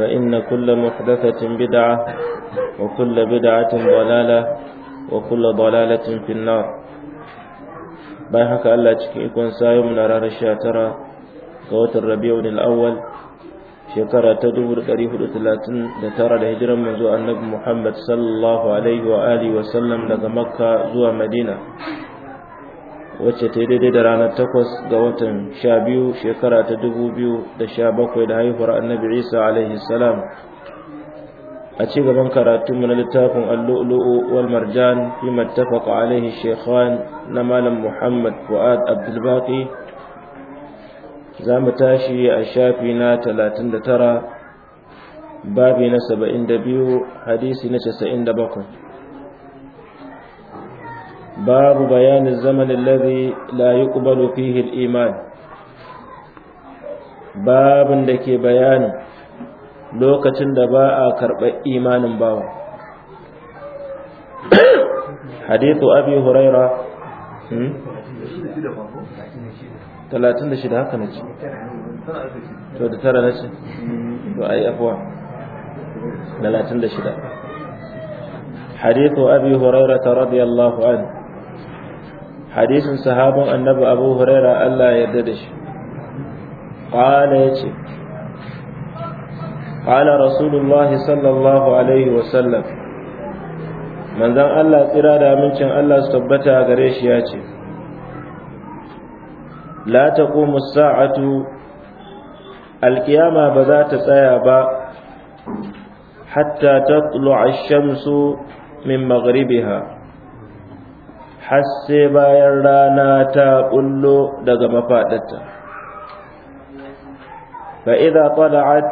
فإن كل محدثة بدعة وكل بدعة ضلالة وكل ضلالة في النار بايحك ألا تكيكون سايوم نرار الشاترة قوة الربيع الأول شكرة تدور قريب الثلاثين لترى الهجرة منذ النبي محمد صلى الله عليه وآله وسلم لغا مكة زوى مدينة wacce ta daidai da ranar takwas ga watan sha biyu shekara ta dubu biyu da sha bakwai da haihuwar annabi isa alaihi salam a ci gaban karatunmu na littafin allu'lu'u wal marjan fi mattafaqa alaihi shekhan na malam muhammad fuad abdulbaki za mu tashi a shafi na talatin da tara babi na saba'in da biyu hadisi na casa'in da باب بيان الزمن الذي لا يقبل فيه الإيمان باب دكي بيان لوكة دباء كرب إيمان باو حديث أبي هريرة talatin da shida haka na ce to da tara na ce to ai afuwa talatin da shida radiyallahu hadisin sahabin annabi abu huraira Allah ya yarda da shi ya ce. qala rasulullahi sallallahu alaihi wa sallam manzon Allah tsira da amincin Allah su tabbata gare shi yace la taqumu as-sa'atu al ba za ta tsaya ba hatta tatlu'a ash-shamsu min maghribiha har sai bayan rana ta kullo daga mafaɗarta fa idza tala'at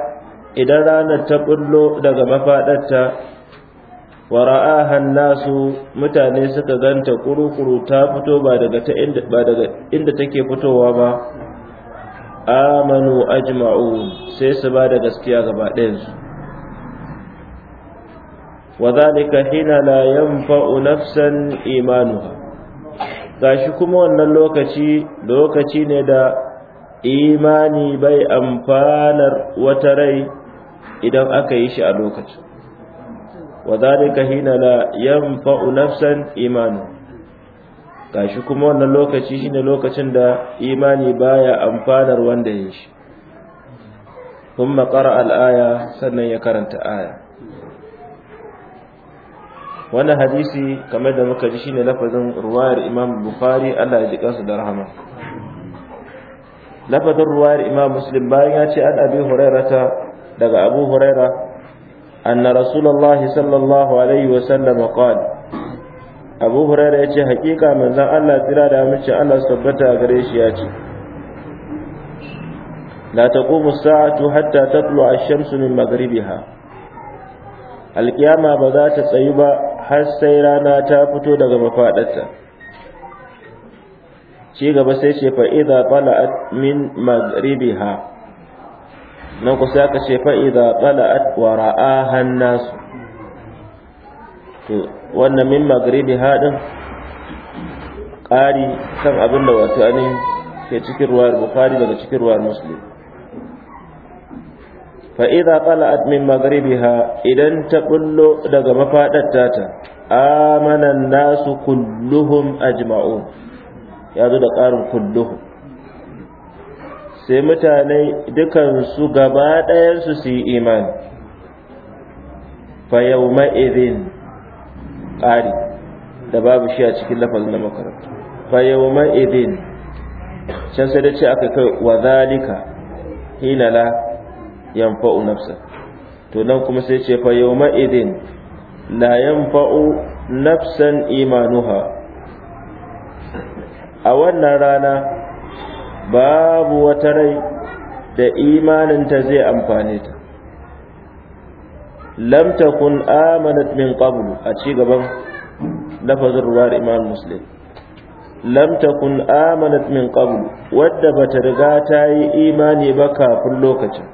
idan rana ta bullo daga mafaɗata wa ra'aha nasu mutane suka ganta kurukuru ta fito ba daga ta inda ba daga inda take fitowa ba amanu jima'u, sai su ba da gaskiya gaba wa وذلك na la yanfa'u nafsan imanuha gashi kuma wannan lokaci lokaci ne da imani bai amfanar wata rai idan aka yi shi a lokacin wadhalika hina la yanfa'u nafsan imanu gashi kuma wannan lokaci shine lokacin da imani baya amfanar wanda ya shi kuma qara al-aya sannan ya karanta aya wannan hadisi kamar da muka ji shine lafazin ruwayar Imam Bukhari Allah ya ji kansu da rahama lafazin ruwayar Imam Muslim bayan ya ce an Abi Hurairata daga Abu Huraira anna Rasulullahi sallallahu alaihi wa sallam qala Abu Huraira yace hakika manzon Allah tsira da mace Allah tabbata gare shi ya ce la taqumu as-sa'atu hatta tatlu'a ash-shamsu min maghribiha alkiyama ba za ta tsayu ba har sai rana ta fito daga mafadarta, ci gaba sai ce idza tala'at min maghribiha nan ku sai aka ce idza tala'at wa an-nas to wannan min maghribiha din ƙari kan abin da wato ne ke cikin ruwar bukhari daga cikin ruwar muslim fa idza tala'at min maghribiha idan ta bullo daga mafadarta ta amana nasu kulluhum ajma'un ya zo da ƙarin kulluhu. sai mutane dukan su gaba ɗayan su su yi imani fa yawma idhin ƙari da babu shi a cikin lafazin da makaranta fa yawma idhin can sai da ce aka kai wa zalika hinala yanfa'u nafsa to nan kuma sai ce fa yawma idin la yanfa'u nafsan imanuha a wannan rana babu wata rai da imaninta zai amfane ta lam takun amanat min qablu a ci gaban lafazin ruwar imam muslim lam takun amanat min qablu wadda bata riga ta yi imani ba kafin lokacin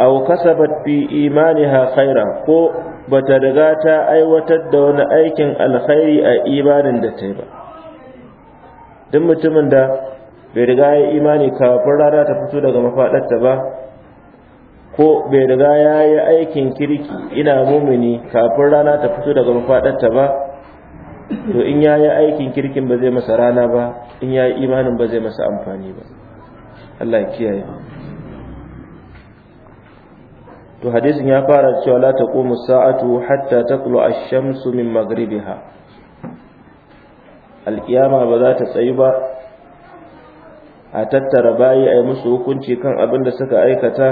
aw kasabat fi imaniha khaira ko bata riga ta aiwatar da wani aikin alkhairi a imanin da ta yi ba duk mutumin da bai riga ya imani kafin rana ta fito daga mafaɗarta ba ko bai riga ya yi aikin kirki ina mumini kafin rana ta fito daga mafaɗarta ba to in ya yi aikin kirkin ba zai masa rana ba in ya yi imanin ba zai masa amfani ba Allah ya kiyaye to hadisin ya fara cewa la taqumu sa'atu hatta taqlu ash-shamsu min maghribiha al-qiyama ba za ta tsayi ba a tattara bayi ayi musu hukunci kan abin da suka aikata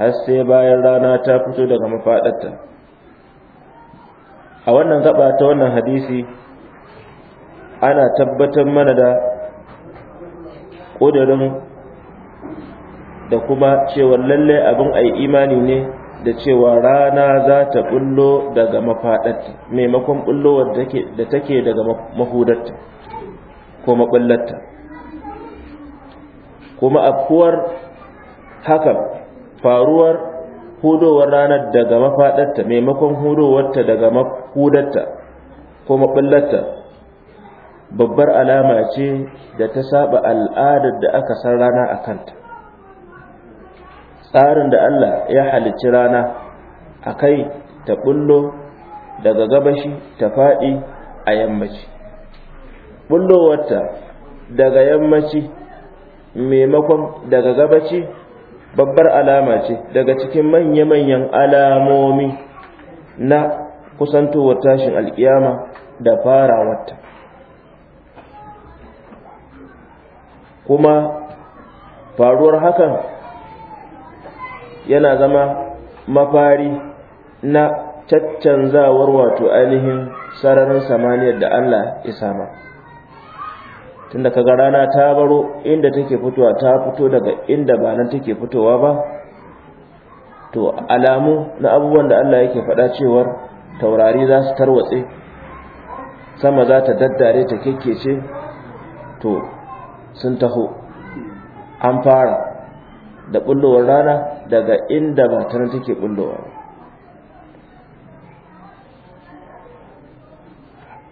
har sai bayan rana ta fito daga mafaɗarta a wannan gaba ta wannan hadisi ana tabbatar mana da ƙudurin da kuma cewa lalle abin ai imani ne da cewa rana za ta bullo daga mafaɗarta maimakon bullowar da take daga mahudarta ko maballarta kuma afkuwar hakan faruwar hudowar ranar daga mafaɗarta maimakon hudowarta daga mahudarta ko maballarta babbar alama ce da ta saba al'adar da aka san rana a kanta tsarin da Allah ya halicci rana a kai ta bullo daga gabashi ta faɗi a yammaci wata daga yammaci maimakon daga gabaci babbar alama ce daga cikin manya-manyan alamomi na kusantowar tashin alkiyama da farawarta kuma faruwar hakan yana zama mafari na caccanzawar wato ainihin sararin samaniyar da Allah ya sama tunda kaga rana ta baro inda take fitowa ta fito daga inda ba nan take fitowa ba to alamu na abubuwan da Allah yake faɗa cewar taurari za su tarwatse sama za ta daddare ta kekece, to sun taho an fara da bullowar rana daga inda matar take bullowa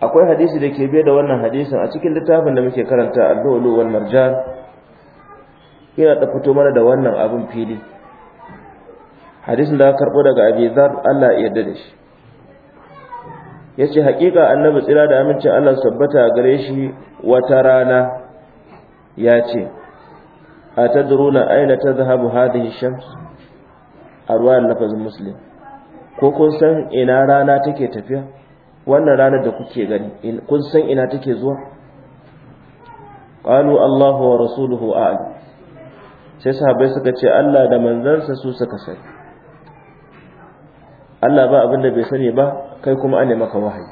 akwai hadisi da ke biye da wannan hadisin a cikin littafin da muke karanta al wal marjan yana da fito mana da wannan abin fili hadisin da aka karbo daga Abi zar Allah ya yarda da shi yace haƙiƙa annabi tsira da amincin Allah sabbata gare shi wata rana yace atadruna aina tadhhabu hadhihi shams a ruwayar lafazin musulun ko kun san ina rana take tafiya wannan ranar da kuke gani kun san ina take zuwa qalu allahu wa rasuluhu a'lam sai sahabbai suka ce Allah da manzansa su suka sani Allah ba abin da bai sani ba kai kuma an maka wahayi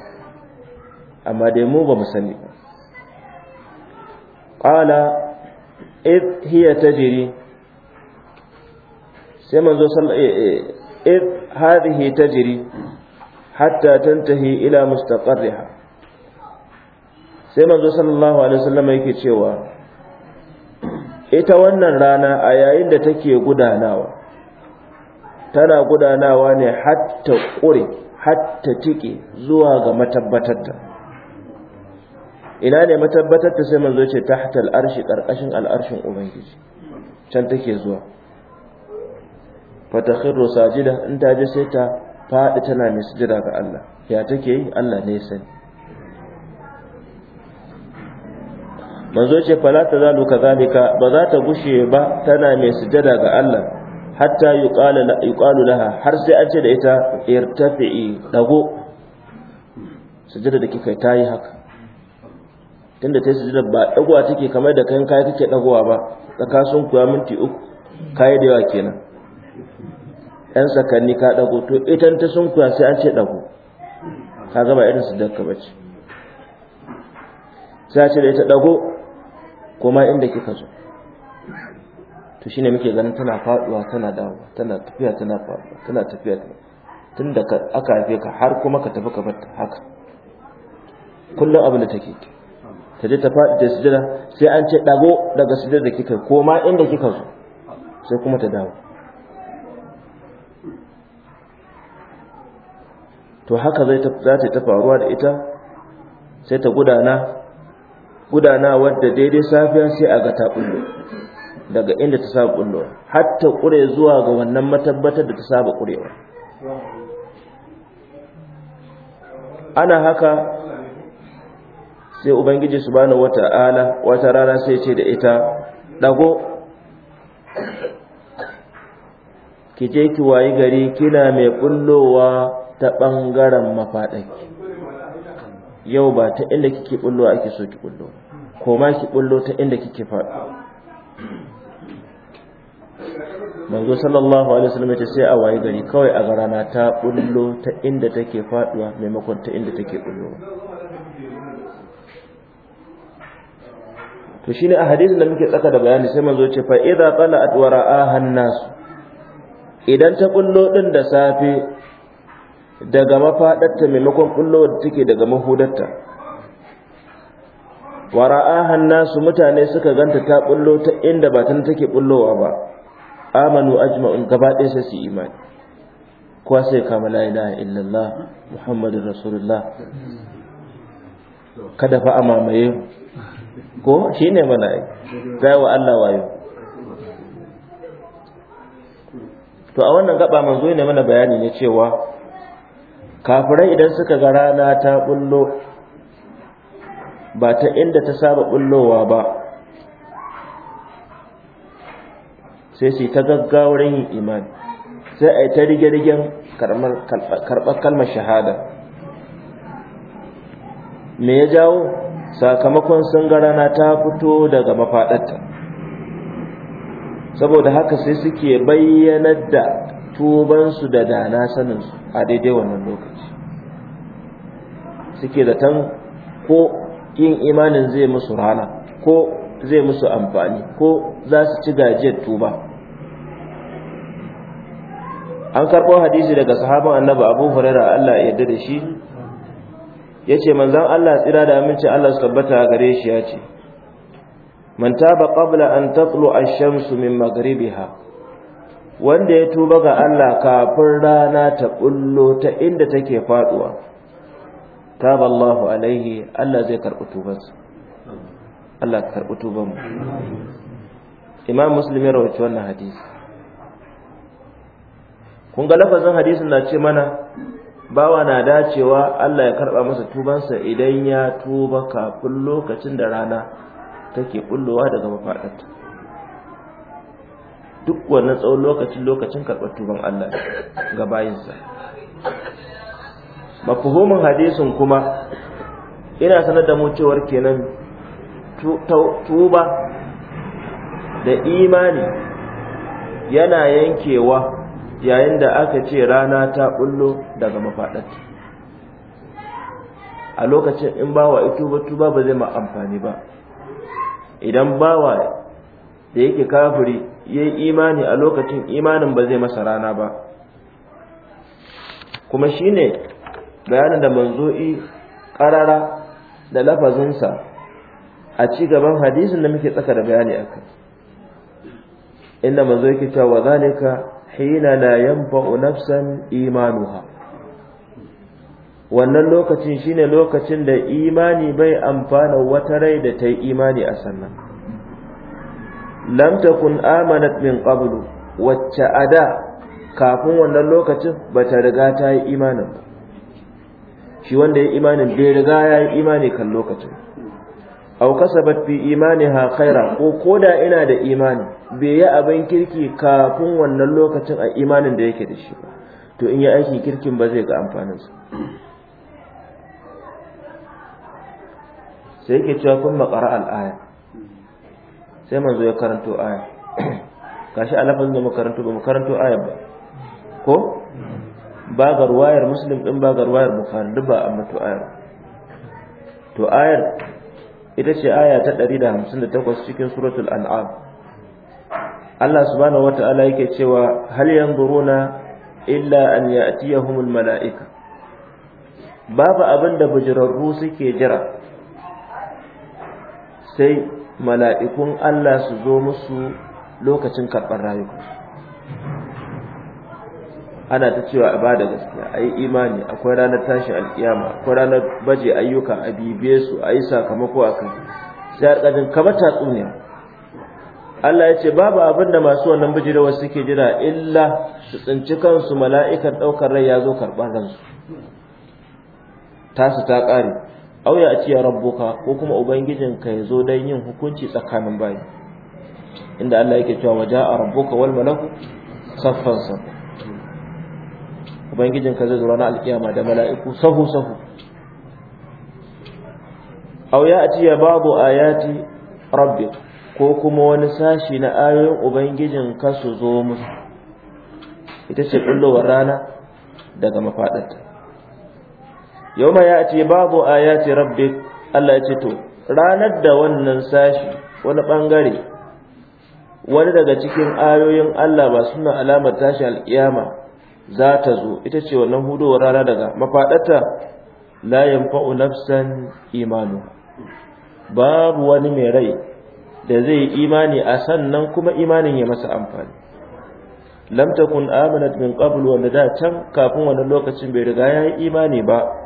amma dai mu ba mu sani ba qala id hiya tajri sai manzo san id hadhihi tajri hatta tantahi ila mustaqarriha sai manzo sallallahu alaihi wasallam yake cewa ita wannan rana a yayin da take gudanawa tana gudanawa ne hatta kure, hatta tike zuwa ga ta ina ne ta sai manzo ce tahta al-arshi karkashin al-arshin ubangiji can take zuwa fatakhiru sajida in ta je sai ta faɗi tana mai sujada ga Allah ya take yi Allah ne sai? manzo ce fala ta zalu kazalika ba za ta gushe ba tana mai sujada ga Allah hatta yuqala yuqalu laha har sai an ce da ita irtafi dago sujada da kika tayi haka tunda ta yi sujada ba dagowa take kamar da kan kai kake dagowa ba tsakasun kuwa minti uku kai da yawa kenan ɗan tsakanni ka ɗago to ita ta kuwa sai an ce ɗago ka gaba irin su daga bace sai ce da ita ɗago kuma inda kika zo to shine muke ganin tana faduwa tana dawo, tana tafiya tana faɗuwa tana tafiya tun da aka haife ka har kuma ka tafi ka bar haka kullum abin da take ta je ta faɗi ta sujada sai an ce ɗago daga sujada da kika koma inda kika zo sai kuma ta dawo to haka zai za ta ta faruwa da ita sai ta gudana gudana wadda daidai safiya sai a ga ta kullu daga inda ta saba kullu har ta kure zuwa ga wannan matabbatar da ta saba kurewa ana haka sai ubangiji subhanahu wata'ala wata rana sai ce da ita dago ki je ki wayi gari kina mai kullowa ta ɓangaren mafaɗaki yau ba ta inda kike bullo ake so ki bullo ko ma ki bullo ta inda kike faɗo manzo sallallahu alaihi wasallam ya ce sai a waye gari kawai a garana ta bullo ta inda take faɗuwa maimakon ta inda take bullo to shine a hadisin da muke tsaka da bayani sai manzo ce fa idza qala'at wara'aha an-nas idan ta bullo din da safe daga mafaɗarta maimakon ɓullowar da take daga mahudarta wa ra'ahan nasu mutane suka ganta ta ɓullo ta inda ba ta take ɓullowa ba amanu ajma'un gaba ɗaya sai su imani kowa sai kama la ilaha illallah muhammadin rasulullah kada fa amamaye ko shine mala'i za wa Allah wayo to a wannan gaba manzo ne mana bayani ne cewa kafirai idan suka ga rana ta bullo ba ta inda ta saba bullowa ba sai su ta gaggawarin yin imani sai a yi ta rige-rigen karɓar kalmar shahada me ya jawo sakamakon sun ga rana ta fito daga mafaɗarta saboda haka sai suke bayyanar da tubansu da dana saninsu a daidai wannan lokaci suke da tan ko yin imanin zai musu rana ko zai musu amfani ko za su ci gajiyar tuba an karɓo hadisi daga sahaban annabi abu huraira Allah ya yarda da shi yace manzon Allah tsira da aminci Allah su tabbata gare shi yace man taba qabla an tatlu a shamsu min maghribiha wanda ya tuba ga Allah kafin rana ta bullo ta inda take faduwa taballahu alaihi Allah zai karbi tubansa Allah ka karbi tubanmu Imam Muslim ya rawaito wannan hadisi kun ga lafazin hadisin na ce mana bawa na dacewa Allah ya karba masa tubansa idan ya tuba kafin lokacin da rana take bullowa daga mafadarta duk wannan tsawon lokacin lokacin karɓar tuban Allah ga bayinsa mafuhumin hadisin kuma ina sanar da mu kenan tuba da imani yana yankewa yayin da aka ce rana ta bullo daga mafaɗarta a lokacin in bawa ito ba tuba ba zai ma amfani ba idan bawa da yake kafiri ya yi imani a lokacin imanin ba zai masa rana ba kuma shi ne bayanin da manzo'i ƙarara da lafazinsa a ci gaban hadisin da muke tsaka da bayani a kai inda manzo ke cewa wa zalika hina la yanfa'u nafsan imanuha wannan lokacin shine lokacin da imani bai amfana wata rai da ta yi imani a sannan lam takun amanat min qablu wacce ada kafin wannan lokacin bata riga ta yi imanin ba shi wanda ya imanin bai riga ya yi imani kan lokacin aw kasabat fi imaniha khaira ko koda ina da imani bai yi abin kirki kafin wannan lokacin a imanin da yake da shi ba to in yi aiki kirkin ba zai ga amfaninsa sai yake cewa kun maƙara al'aya sai manzo ya karanto aya gashi a lafazin da makarantu ba makarantu aya ba ko ba ga ruwayar muslim din ba ga ruwayar bukhari duk ba amma to ayar to ayar ita ce aya ta 158 cikin suratul an'am Allah subhanahu wata'ala yake cewa hal yanzuruna illa an ya'tiyahumul mala'ika babu abin da bujirarru suke jira sai mala'ikun Allah su zo musu lokacin karɓar rayuwa. ana ta cewa a bada gaskiya a imani akwai ranar tashi alkiyama akwai ranar baje ayyuka a bibiye su a yi sakamako a kan sai alƙadin tatsuniya Allah ya ce babu abin da masu wannan bijirawar suke jira illa su tsinci kansu mala'ikan ɗaukar rai ya zo karɓar ransu tasu ta ƙare aw ya atiya rabbuka ko kuma ubangijinka ya zo dan yin hukunci tsakanin bayi inda Allah yake cewa waja'a rabbuka wal malaku saffan Ubangijin ubangijinka zai zo ranar alkiyama da mala'iku sahu sahu aw ya ya babu ayati rabbik ko kuma wani sashi na ayoyin ubangijinka su zo musu ita ce kullu rana daga mafadarta yawma ce, babu ayati rabbi Allah ya ce to ranar da wannan sashi wani bangare wani daga cikin ayoyin Allah ba suna alamar tashi alkiyama za ta zo ita ce wannan hudowar rana daga mafaɗata layin yanfa'u nafsan imanu babu wani mai rai da zai yi imani a sannan kuma imanin ya masa amfani lam takun amanat min qabl wanda da can kafin wannan lokacin bai riga yayi imani ba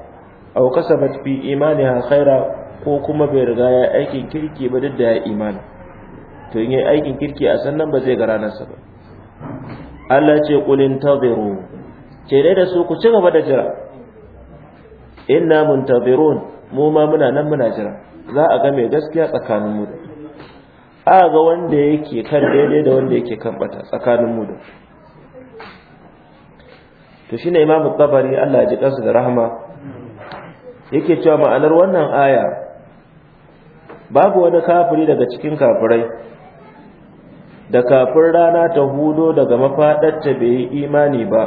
aw kasabat fi imaniha khaira ko kuma bai riga ya aikin kirki ba duk da ya imani to in yi aikin kirki a sannan ba zai ga sa ba Allah ce kulin tabiru ce dai da su ku ci gaba da jira inna muntabirun mu ma muna nan muna jira za a ga mai gaskiya tsakanin mu da a ga wanda yake kan daidai da wanda yake kan bata tsakanin mu da to shine imamu tabari Allah ya ji kansa da rahama yake cewa ma'anar wannan aya babu wani kafiri daga cikin kafirai da kafin rana ta hudo daga mafaɗarta bai yi imani ba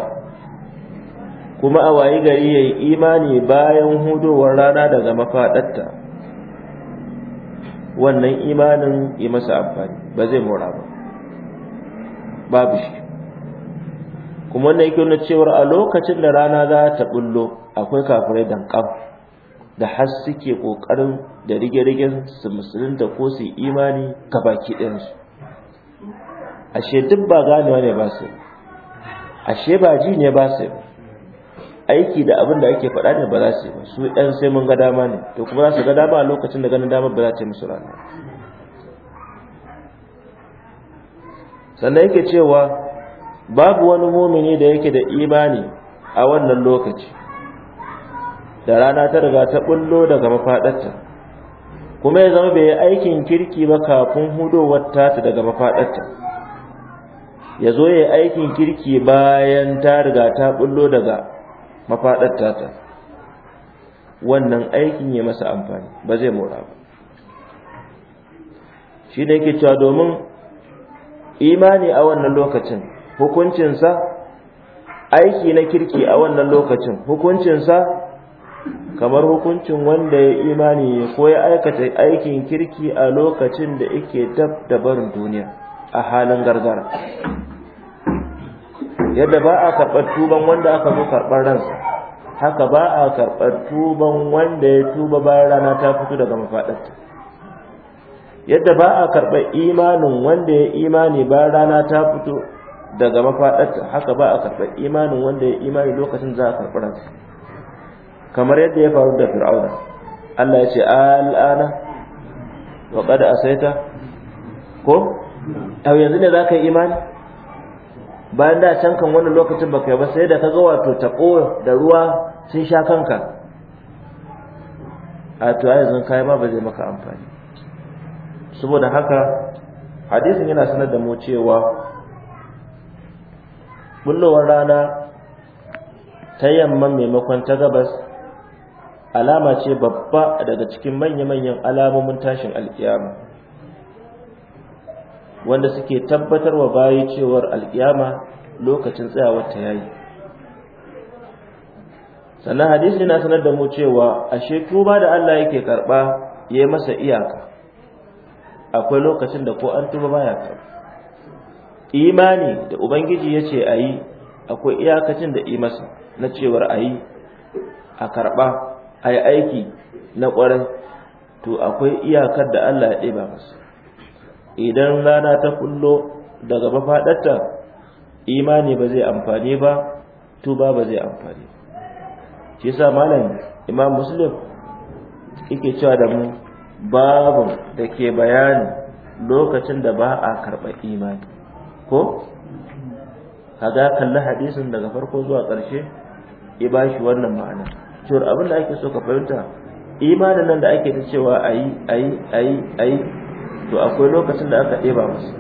kuma a wayi gari ya yi imani bayan hudowar rana daga mafaɗarta wannan imanin yi masa amfani ba zai mora ba babu shi kuma wannan yake nuna cewar a lokacin da rana za ta bullo akwai kafirai dankan da har suke kokarin da rige-rigen su musulunta ko su imani ga baki ɗinsu ashe duk ba ganewa ne ba su ashe ba ji ne ba su aiki da abin da ake faɗa ne ba za su yi ba su ɗan sai mun ga dama ne to kuma za su ga dama a lokacin da ganin dama ba za ta yi musu rana sannan yake cewa babu wani mumini da yake da imani a wannan lokaci da rana ta riga ta bullo daga mafadarta kuma ya zama bai aikin kirki ba kafin hudowar ta daga mafadarta ya zo ya aikin kirki bayan ta riga ta bullo daga mafadarta ta wannan aikin ya masa amfani ba zai mora ba shi ne yake cewa domin imani a wannan lokacin hukuncinsa aiki na kirki a wannan lokacin hukuncinsa kamar hukuncin wanda ya imani ko ya aikata aikin kirki a lokacin da yake dab da barin duniya a halin gargara yadda ba a karɓar tuban wanda aka zo karɓar ransa haka ba a karɓar tuban wanda ya tuba bayan rana ta fito daga mafaɗarta yadda ba a karɓar imanin wanda ya imani bayan rana ta fito daga mafaɗarta haka ba a karɓar imanin wanda ya imani lokacin za a karɓar ransa kamar yadda ya faru da fir'auna Allah ya ce al'ana wa qad asaita ko yanzu ne zaka yi imani bayan da can kan wannan lokacin baka yi ba sai da kaga wato tako da ruwa sun sha kanka a to yanzu kai ma ba zai maka amfani saboda haka hadisin yana sanar da mu cewa bullowar rana ta yamma maimakon ta gabas alama ce babba daga cikin manya-manyan alamomin tashin alkiyama wanda suke tabbatar wa bayi cewar alkiyama lokacin tsayawar ta yayi sannan hadisi yana sanar da mu cewa ashe da Allah yake karba ya yi masa iyaka akwai lokacin da ko an tuba baya karba imani da ubangiji ya ce a yi akwai iyakacin da yi masa na cewar a yi a karba a aiki na kwarai to akwai iyakar da Allah ya ɗeba masu idan rana ta kullo daga mafaɗarta imani ba zai amfani ba tuba ba zai amfani shi sa malam imam muslim yake cewa da mu babu da ke bayani lokacin da ba a karɓar imani ko kaga kalli hadisin daga farko zuwa ƙarshe ya ba wannan ma'ana to abin da ake so ka fahimta imanin nan da ake ta cewa ayi ayi ayi ayi to akwai lokacin da aka ɗeba musu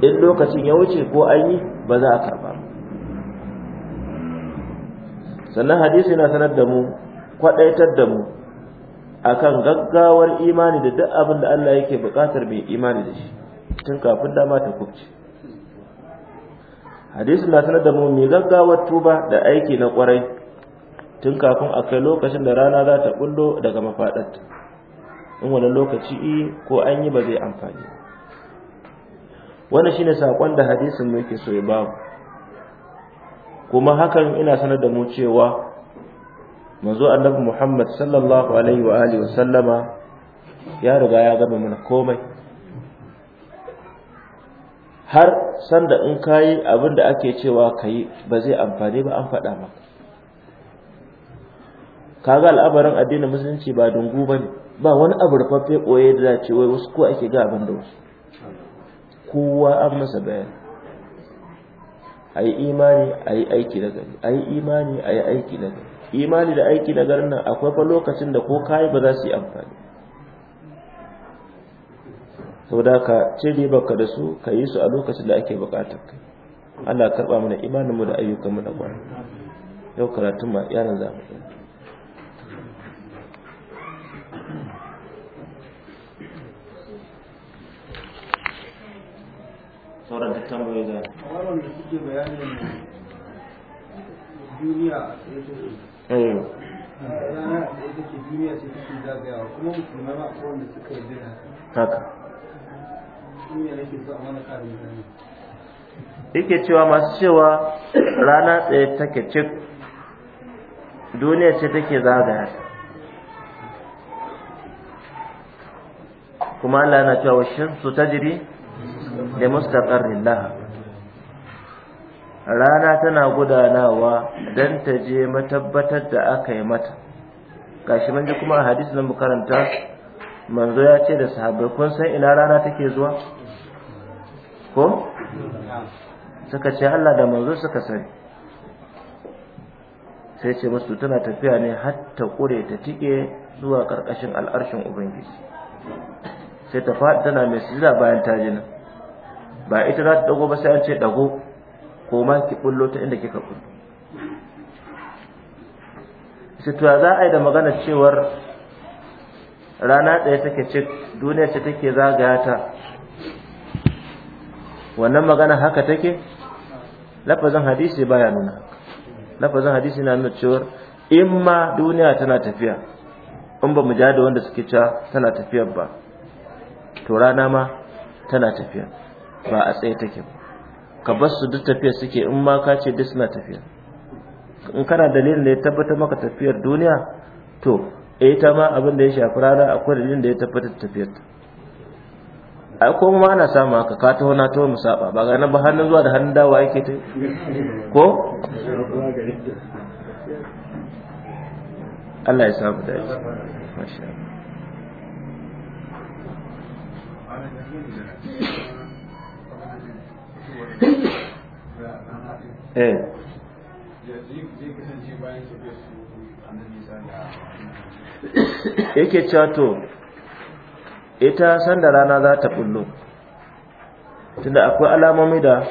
in lokacin ya wuce ko an yi ba za a karɓa sannan hadisi yana sanar da mu kwaɗaitar da mu akan gaggawar imani da duk abin da Allah yake buƙatar mai imani da shi tun kafin dama ta kubce hadisi na sanar da mu mai gaggawar tuba da aiki na ƙwarai tun kafin a kai lokacin da rana za ta bullo daga mafaɗarta in wani lokaci ko an yi ba zai amfani shi shine saƙon da hadisin mu yake so ya babu kuma hakan ina sanar da mu cewa a annabi Muhammad sallallahu alaihi wa alihi wasallama ya riga ya gama mana komai har sanda in kayi abin da ake cewa kayi ba zai amfani ba an faɗa maka kaga al'abarin addinin musulunci ba dungu bane ba wani abu rufaffe koye da za wai wasu ko ake ga abin da wasu kowa an masa bayani a yi imani a yi aiki na gari ai imani a yi aiki na gari imani da aiki na garin nan akwai fa lokacin da ko kai ba za su yi amfani saboda ka ce cire baka da su ka yi su a lokacin da ake bukatar kai Allah karba mana imaninmu da ayyukanmu da kwana yau karatun ma yaran zamu sauran duk tambayoyi da da suke bayanin duniya eh rana da take duniya ce take zagayawa kuma musulmai ma akwai wanda suka yi dira haka duniya nake so a mana karin bayani yake cewa masu cewa rana tsaye take cik duniya ce take zagaya kuma Allah yana cewa ta jiri. da mustaqarrin laha rana tana gudanawa dan ta je matabbatar da aka yi mata gashi mun ji kuma a hadisi na bukaranta manzo ya ce da sahabbai kun san ina rana take zuwa ko suka ce Allah da manzo suka sani sai ce musu tana tafiya ne har ta kure ta tike zuwa karkashin al'arshin ubangiji sai ta faɗi tana mai sujada bayan ta ba ita za ta dago ba sai an ce dago ko ma ki bullo ta inda kika bullo shi to za a yi da magana cewar rana ɗaya take ce duniya ce take zagaya ta wannan magana haka take lafazin hadisi baya nuna lafazin hadisi na nuna cewar in ma duniya tana tafiya in ba mu ja da wanda suke cewa tana tafiya ba to rana ma tana tafiya ba a tsaye take ba ka bar su duk tafiyar suke in ma ka ce duk suna tafiya in kana dalilin da ya tabbatar maka tafiyar duniya to eh, ita ma abin da ya shafi rana akwai dalilin da ya tabbata tafiyar ta a ko ma ana samu haka ka taho na taho mu saba ba ga nan ba hannun zuwa da hannun dawa yake ta ko Allah ya samu da shi masha Allah Eh. yake cewa ita sanda rana za ta bullo tunda akwai alamomi da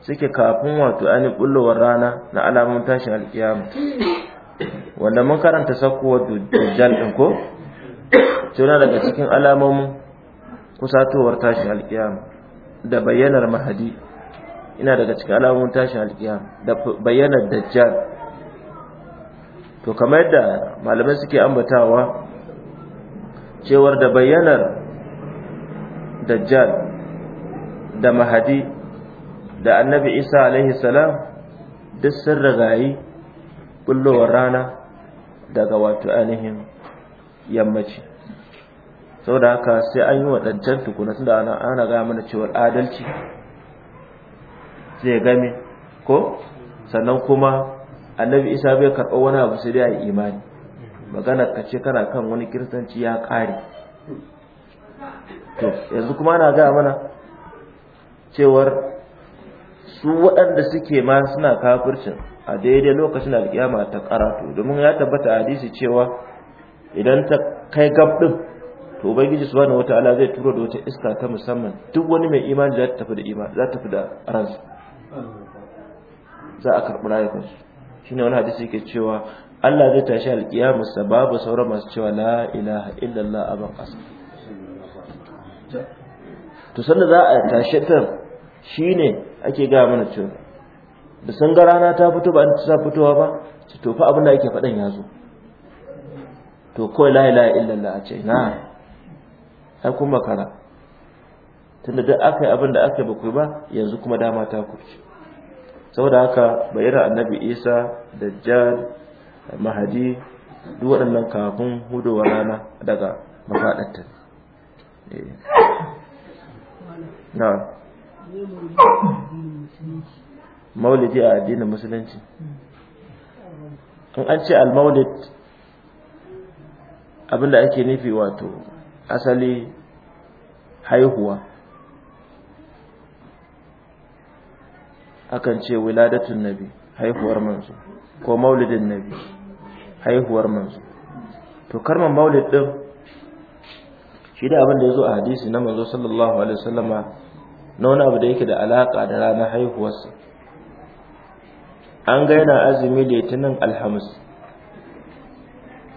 suke kafin wato ainihin bullowar rana na alamun tashin alkiyama wanda mun karanta sakowar dujjal din ko suna daga cikin alamomin kusatowar tashin alkiyama da bayyanar mahadi ina daga cikin alamun tashin alkiya da bayyanar dajjal to kamar yadda malamai suke ambatawa cewar da bayyanar dajjal da mahadi da annabi isa alaihi salam duk sun ragayi bullowar rana daga wato ainihin yammaci saboda haka sai an yi waɗancan tukuna tun da ana ga mana cewar adalci zai game ko sannan kuma annabi isa bai karɓar wani abu sai dai yi imani magana ka ce kana kan wani kiristanci ya ƙare to yanzu kuma ana gaya mana cewar su waɗanda suke ma suna kafircin a daidai lokacin alƙiyama ta karatu domin ya tabbata hadisi cewa idan ta kai gab din to ubangiji subhanahu wataala zai turo da wata iska ta musamman duk wani mai imani za ta tafi da imani za ta tafi da ransa za a karɓi rayukansu shine wani hadisi yake cewa Allah zai tashi alƙiyamar sababu sauran masu cewa la ilaha illallah aban ƙasa to sanda za a tashi ta shine ake ga mana cewa da san ga rana ta fito ba an ta fitowa ba to fa abin da ake faɗan ya zo to kawai la ilaha illallah a ce na ai kun makara tunda duk aka yi abin da aka bakwai ba yanzu kuma dama ta kurce saboda haka bayyana annabi isa dajjal mahadi duk waɗannan kafin hudowa rana daga mafaɗarta eh. na maulidi a addinin musulunci in an ce al-maulid abinda ake nufi wato asali haihuwa akan ce wiladatun nabi haihuwar manzo ko maulidin nabi haihuwar manzo to karman maulid din shi da abin da ya zo a hadisi na manzo sallallahu alaihi wasallama na wani abu da yake da alaka da ranar haihuwarsa an ga yana azumi litinin alhamis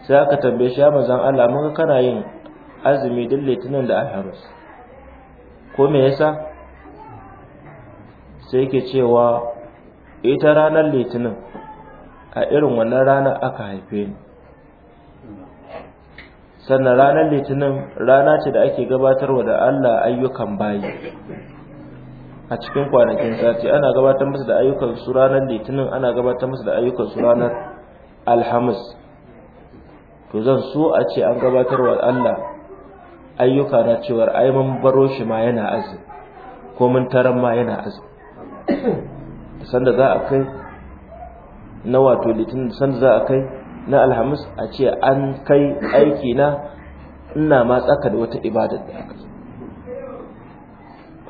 sai aka tambaye shi ya manzon Allah mun kana yin azumi duk litinin da alhamis ko me yasa sai ke cewa ita ranar litinin a irin wannan ranar aka haife ni sannan ranar litinin rana ce da ake gabatarwa da Allah ayyukan bayi a cikin kwanakin sati ana gabatar musu da ayyukan su ranar litinin ana gabatar musu da ayyukan su ranar alhamis to zan so a ce an gabatarwa Allah ayyuka na cewar ai mun baro shi ma yana azu ko mun taran ma yana san sanda za a kai na wato litinin sanda za a kai na alhamis a ce an kai aiki na ina ma tsaka da wata ibadar da aka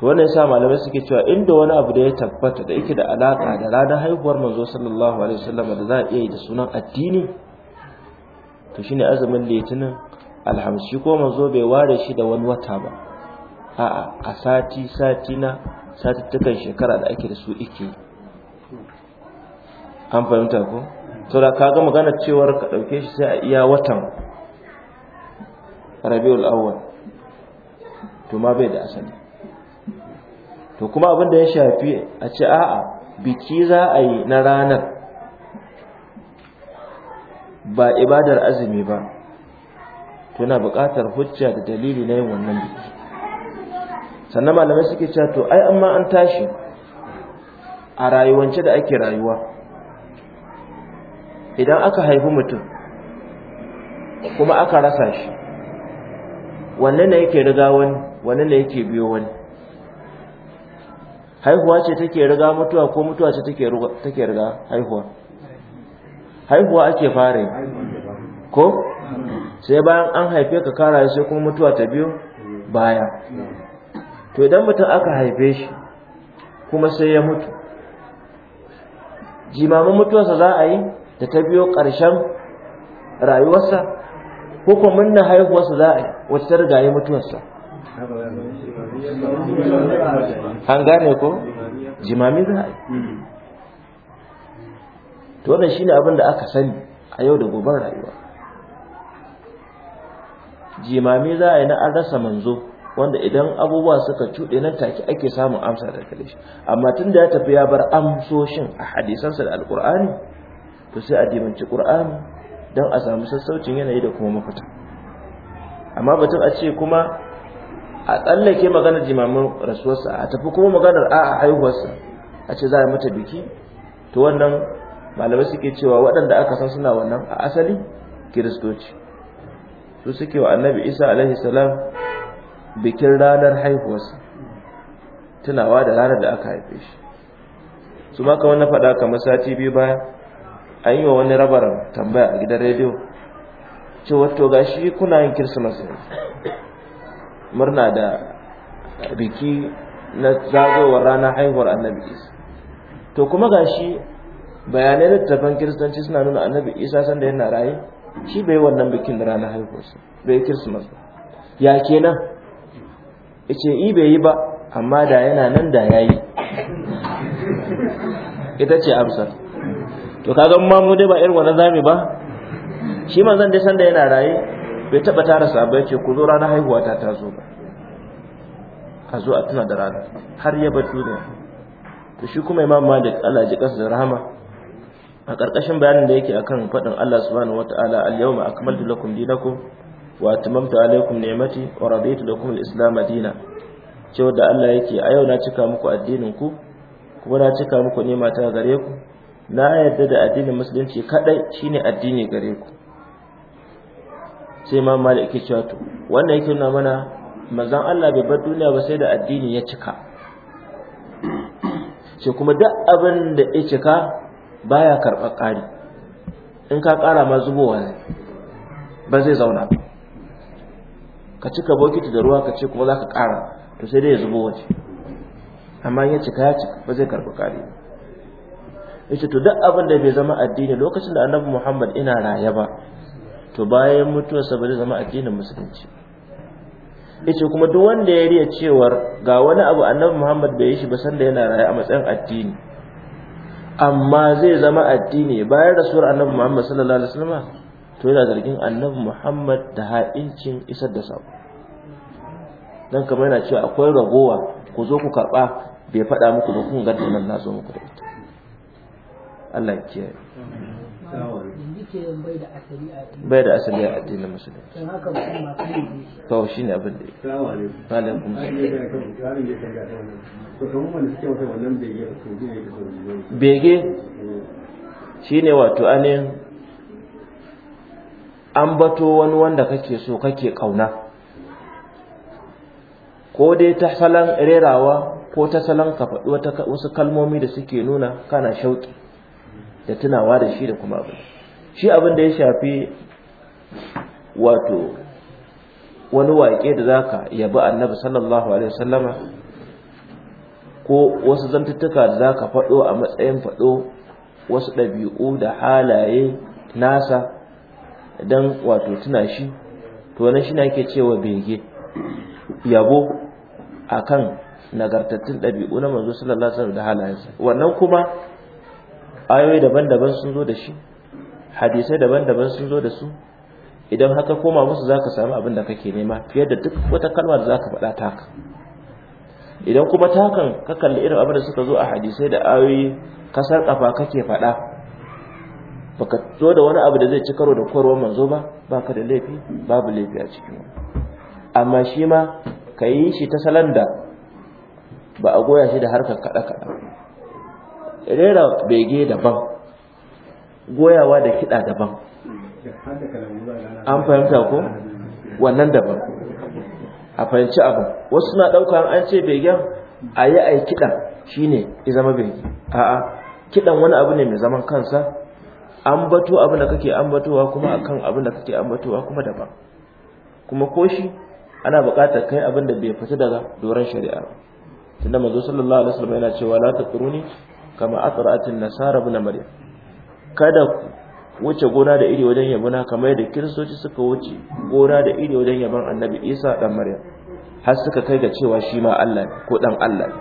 to wannan yasa malamai suke cewa inda wani abu da ya tabbata da yake da alaka da ranar haihuwar manzo sallallahu alaihi wasallam da za a iya yi da sunan addini to shine azumin litinin alhamsi ko manzo bai ware shi da wani wata ba a'a a sati sati na Sati tukan shekara da ake da su ike an fahimta ko to da kaga magana cewar ka dauke shi sai a iya watan rabiul awwal to ma bai da asali to kuma abin da ya shafi a ce a'a biki za a yi na ranar ba ibadar azumi ba to yana buƙatar hujja da dalili na yin wannan biki sannan malamai suke cewa to ai amma an tashi a rayuwance da ake rayuwa idan aka haifi mutum kuma aka rasa shi wanne ne yake riga wani wanne ne yake biyo wani haihuwa ce take riga mutuwa ko mutuwa ce take riga haihuwa haihuwa ake fara ko sai bayan an haife ka kara sai kuma mutuwa ta biyo baya to idan mutum aka haife shi kuma sai ya mutu jimamin mutuwarsa za a yi da ta biyo ƙarshen rayuwarsa ko kuma munna haihuwarsa za a yi wacce ta yi mutuwarsa an gane ko jimami za a yi to wannan shine abin da aka sani a yau da goben rayuwa jimami za a yi na an rasa manzo wanda idan abubuwa suka cuɗe nan take ake samun amsa da gare shi amma tun da ya tafi ya bar amsoshin a hadisansa da alkur'ani to sai a dimanci Ƙur'ani don a samu sassaucin yanayi da kuma mafita amma batun a ce kuma a tsallake maganar jimamin rasuwarsa a tafi kuma maganar a haihuwarsa a ce za a mata biki to wannan malamai suke cewa waɗanda aka san suna wannan a asali kiristoci su suke wa annabi isa alaihi salam bikin ranar haihuwarsa tunawa da ranar da aka haife shi su maka wani faɗa kamar sati biyu baya an yi wa wani rabaran tambaya a gidan rediyo ce wato ga shi kuna yin kirsimas murna da biki na zagowar ranar haihuwar annabi isa to kuma ga shi bayanai littattafan kiristanci suna nuna annabi isa sanda yana raye shi bai wannan bikin da ranar haihuwarsa bai kirsimas ba ya kenan ice i bai yi ba amma da yana nan da ya yi ita ce amsar to kaga ma mu dai ba irin wannan zami ba shi manzon dai sanda yana raye bai taba tara ya ce ku zo ranar haihuwa ta ta zo ba a zo a tuna da ranar har ya batu da to shi kuma imam malik Allah ji kasa da rahama a ƙarƙashin bayanin da yake akan faɗin Allah subhanahu wataala al-yawma akmaltu lakum dinakum wa atamamtu alaykum ni'mati wa raditu lakum al-islam dina cewa da Allah yake a yau na cika muku addinin ku kuma na cika muku ni'ima ta gare ku na yarda da addinin musulunci kadai shine addini gare ku sai Imam Malik yake cewa to wannan yake nuna mana manzon Allah bai bar duniya ba sai da addini ya cika sai kuma duk abin da ya cika baya karɓar ƙari in ka ƙara ma zubowa ne ba zai zauna ka cika bokiti da ruwa ka ce kuma za ka ƙara to sai dai ya zubo waje amma ya cika ya cika ba zai karɓi ƙari ya ce to duk abin da bai zama addini lokacin da annabi muhammad ina raye ba to bayan mutuwarsa ba zai zama addinin musulunci ce kuma duk wanda ya riya cewar ga wani abu annabi Muhammad bai yi shi ba sanda yana raye a matsayin addini amma zai zama addini bayan rasuwar annabi Muhammad sallallahu alaihi wasallam to yana zargin annabi Muhammad da ha'incin isar da sako dan kamar yana cewa akwai ragowa ku zo ku karɓa bai faɗa muku ba kun ga nan na zo muku da ita Allah ya kiyaye bai da asali a addinin musulunci dan haka ba abin da alaikum bege shine eh. wato an bato wani wanda kake so kake kauna ko dai ta salon rerawa ko ta salon ka faɗi wasu kalmomi da suke nuna kana shauƙi da tunawa da shi da kuma abin shi abin da ya shafi wato wani waƙe da zaka yabi annabi sallallahu alaihi wasallama ko wasu zantuttuka da zaka faɗo a matsayin faɗo wasu ɗabi'u da halaye nasa don wato tuna shi to wannan shi ake cewa bege yabo akan nagartattun ɗabi'u na manzo sallallahu alaihi wasallam da halayensa wannan kuma ayoyi daban-daban sun zo da shi hadisai daban-daban sun zo da su idan haka koma musu zaka samu abin da kake nema fiye da duk wata kalma da zaka faɗa taka idan kuma takan ka kalli irin abin da suka zo a hadisai da ayoyi kasar kafa kake faɗa baka zo da wani abu da zai ci karo da korwar manzo ba baka da laifi babu laifi a cikin wani amma shi ma ka yi shi ta salon da ba a goya shi da harkar kaɗa-kaɗa rera bege daban goyawa da kiɗa daban an fahimta ko wannan daban a fahimci abu wasu na ɗauka an ce begen a yi a yi kiɗan shi ne ya zama bege a'a kiɗan wani abu ne mai zaman kansa an bato abu da kake an batuwa kuma akan abin da kake an batuwa kuma daban kuma ko shi ana buƙatar kai abin da bai fita daga doron shari'a tunda manzo sallallahu alaihi wasallam yana cewa la taquruni kama aqra'atin nasara ibn maryam kada ku wuce gona da iri wajen yabona kamar yadda kiristoci suka wuce gona da iri wajen yabon annabi isa dan maryam har suka kai ga cewa shi ma allah ne ko dan allah ne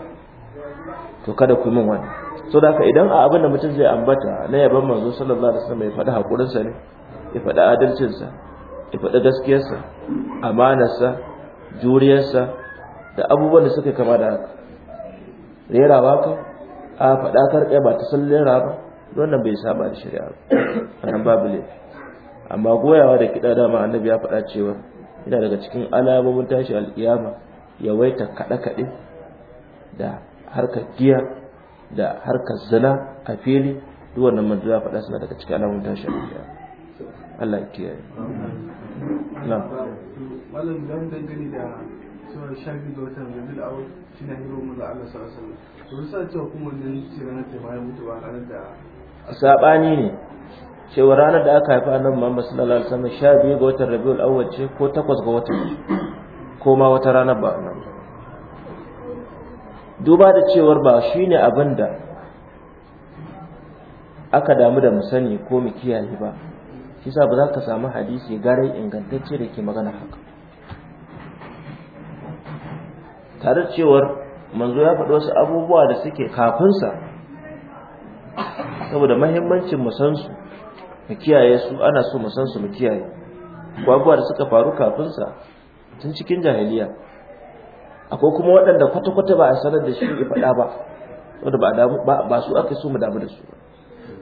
to kada ku min wani so da idan a abin da mutum zai ambata na yabon manzo sallallahu alaihi wasallam ya faɗi haƙurinsa ne ya faɗi adalcinsa ya faɗi gaskiyarsa amanarsa juriyarsa da abubuwan da suka kama da haka rera ka a faɗa karɓe ba ta san rera ba wannan bai saba da shari'a nan babu laifi amma goyawa da kiɗa dama annabi ya faɗa cewa yana daga cikin alamomin tashi alkiyama yawaita kaɗe-kaɗe da harkar giya da harkar zina a fili duk wannan manzo ya faɗa suna daga cikin alamomin tashi alkiyama Allah ya kiyaye na Wannan dan dangane da sura shafi da watan rabiul awal shine hirar manzo Allah sallallahu alaihi wasallam to sai cewa kuma wannan ranar da bayan mutuwa ranar da sabani ne cewa ranar da aka haifa annabi Muhammad sallallahu alaihi wasallam biyu ga watan Rabiul Awwal ce ko takwas ga watan ko ma wata ranar ba nan duba da cewar ba shine abin da aka damu da mu sani ko mu kiyaye ba shi sa ba za ka samu hadisi garai ingantacce da ke magana haka tare cewar manzo ya faɗi wasu abubuwa da suke kafinsa saboda mahimmancin mu mu kiyaye su ana so mu mu kiyaye gwagwa da suka faru kafin sa tun cikin jahiliya akwai kuma waɗanda kwata-kwata ba a sanar da shi ya faɗa ba saboda ba damu ba su aka so mu damu da su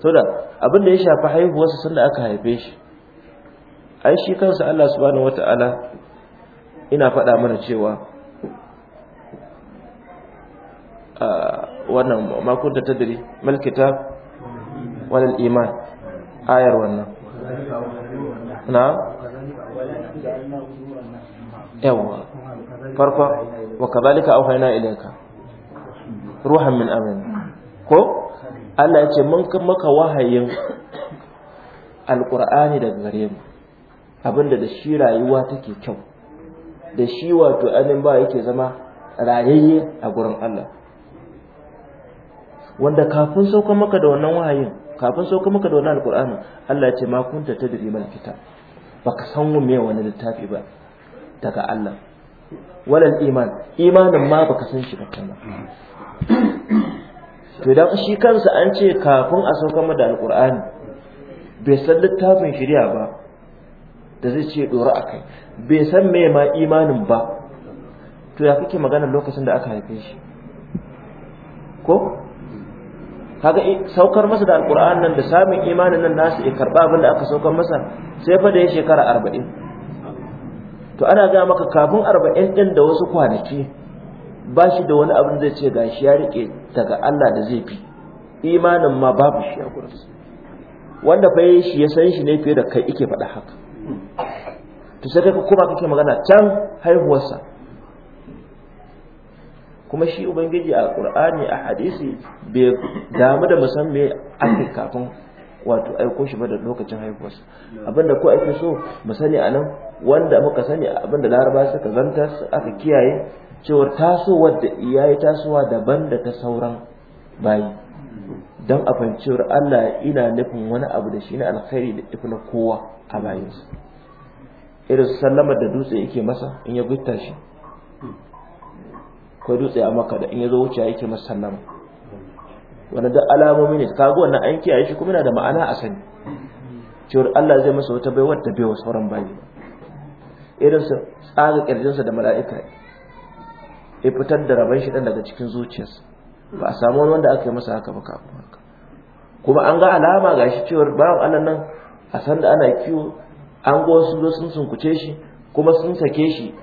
saboda abin da ya shafi haihuwar sa sanda aka haife shi ai shi kansa Allah subhanahu wataala ina faɗa mana cewa wannan da ta mal malkitab walal iman ayar wannan na yawa farko wa kadhalika auhayna ilayka ruhan min amin ko Allah ya ce mun kan maka wahayin alkur'ani daga gare mu abinda da shi rayuwa take kyau da shi wato anin ba yake zama rayayye a gurin Allah wanda kafin sauka maka da wannan wahayin kafin sauka maka da wani alqur'ani Allah ce ma kunta tadri mal kitab baka san me wani littafi ba daga Allah walal iman imanin ma baka san shi ba to dan shi kansa an ce kafin a sauka mu da alqur'ani bai san littafin shari'a ba da zai ce dora akai bai san me ma imanin ba to ya kike magana lokacin da aka haife shi ko kaga saukar masa da alqur'an nan da samun imanin nan nasu ya karba abin da aka saukar masa sai fa da ya shekara 40 to ana ga maka kafin 40 din da wasu kwanaki ba shi da wani abin zai ce gashi ya rike daga Allah da zai fi imanin ma babu shi a gurin wanda fa shi ya san shi ne fiye da kai ike faɗa haka to sai kai kuma kake magana can haihuwarsa kuma shi ubangiji a qur'ani a hadisi bai damu da musamman aka kafin wato aiko shi ba da lokacin haihuwarsa abinda ko ake so mu sani a nan wanda muka sani abinda laraba suka zanta aka kiyaye cewar tasowar da iyaye tasowa daban da ta sauran bayi don a fahimciwar Allah ina nufin wani abu da shi ne alkhairi da ifi na kowa a bayansa irin sallamar da dutse yake masa in ya gutta shi akwai dutse a maka da in ya zo wuce yake masa sallama wani da alamomi ne kaga wannan an kiyaye shi kuma yana da ma'ana a sani cewar Allah zai masa wata baiwar da baiwa sauran bai. irin su tsaga kirjinsa da mala'ika ya fitar da raban shi dan daga cikin zuciyarsa ba a samu wani wanda aka yi masa haka ba kafin haka kuma an ga alama ga gashi cewar bawan Allah nan a san da ana kiwo an ga wasu zo sun sunkuce shi kuma sun sake shi